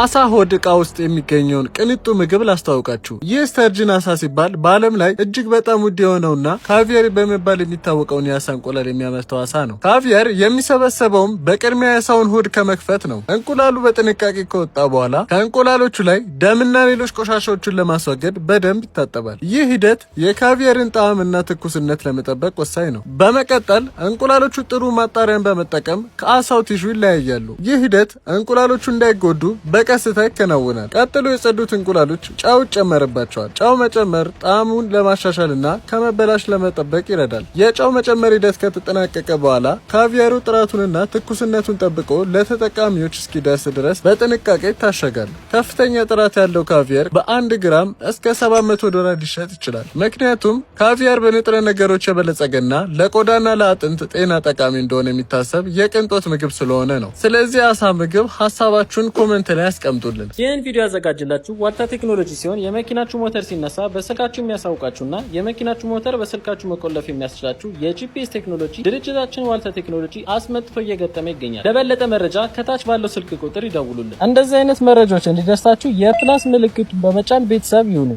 አሳ ሆድ እቃ ውስጥ የሚገኘውን ቅንጡ ምግብ ላስተዋውቃችሁ። ይህ ስተርጅን አሳ ሲባል በዓለም ላይ እጅግ በጣም ውድ የሆነውና ካቪየር በመባል የሚታወቀውን የአሳ እንቁላል የሚያመርተው አሳ ነው። ካቪየር የሚሰበሰበውም በቅድሚያ የአሳውን ሆድ ከመክፈት ነው። እንቁላሉ በጥንቃቄ ከወጣ በኋላ ከእንቁላሎቹ ላይ ደምና ሌሎች ቆሻሻዎችን ለማስወገድ በደንብ ይታጠባል። ይህ ሂደት የካቪየርን ጣዕምና ትኩስነት ለመጠበቅ ወሳኝ ነው። በመቀጠል እንቁላሎቹ ጥሩ ማጣሪያን በመጠቀም ከአሳው ቲሹ ይለያያሉ። ይህ ሂደት እንቁላሎቹ እንዳይጎዱ በቀስታ ይከናወናል። ቀጥሎ የጸዱት እንቁላሎች ጨው ይጨመርባቸዋል። ጨው መጨመር ጣዕሙን ለማሻሻልና ከመበላሽ ለመጠበቅ ይረዳል። የጨው መጨመር ሂደት ከተጠናቀቀ በኋላ ካቪያሩ ጥራቱንና ትኩስነቱን ጠብቆ ለተጠቃሚዎች እስኪደርስ ድረስ በጥንቃቄ ይታሸጋል። ከፍተኛ ጥራት ያለው ካቪያር በአንድ ግራም እስከ 700 ዶላር ሊሸጥ ይችላል። ምክንያቱም ካቪያር በንጥረ ነገሮች የበለጸገና ለቆዳና ለአጥንት ጤና ጠቃሚ እንደሆነ የሚታሰብ የቅንጦት ምግብ ስለሆነ ነው። ስለዚህ አሳ ምግብ ሀሳባችሁን ኮመንት ላይ ያስቀምጡልን። ይህን ቪዲዮ ያዘጋጅላችሁ ዋልታ ቴክኖሎጂ ሲሆን የመኪናችሁ ሞተር ሲነሳ በስልካችሁ የሚያሳውቃችሁና የመኪናችሁ ሞተር በስልካችሁ መቆለፍ የሚያስችላችሁ የጂፒኤስ ቴክኖሎጂ ድርጅታችን ዋልታ ቴክኖሎጂ አስመጥቶ እየገጠመ ይገኛል። ለበለጠ መረጃ ከታች ባለው ስልክ ቁጥር ይደውሉልን። እንደዚህ አይነት መረጃዎች እንዲደርሳችሁ የፕላስ ምልክቱን በመጫን ቤተሰብ ይሁኑ።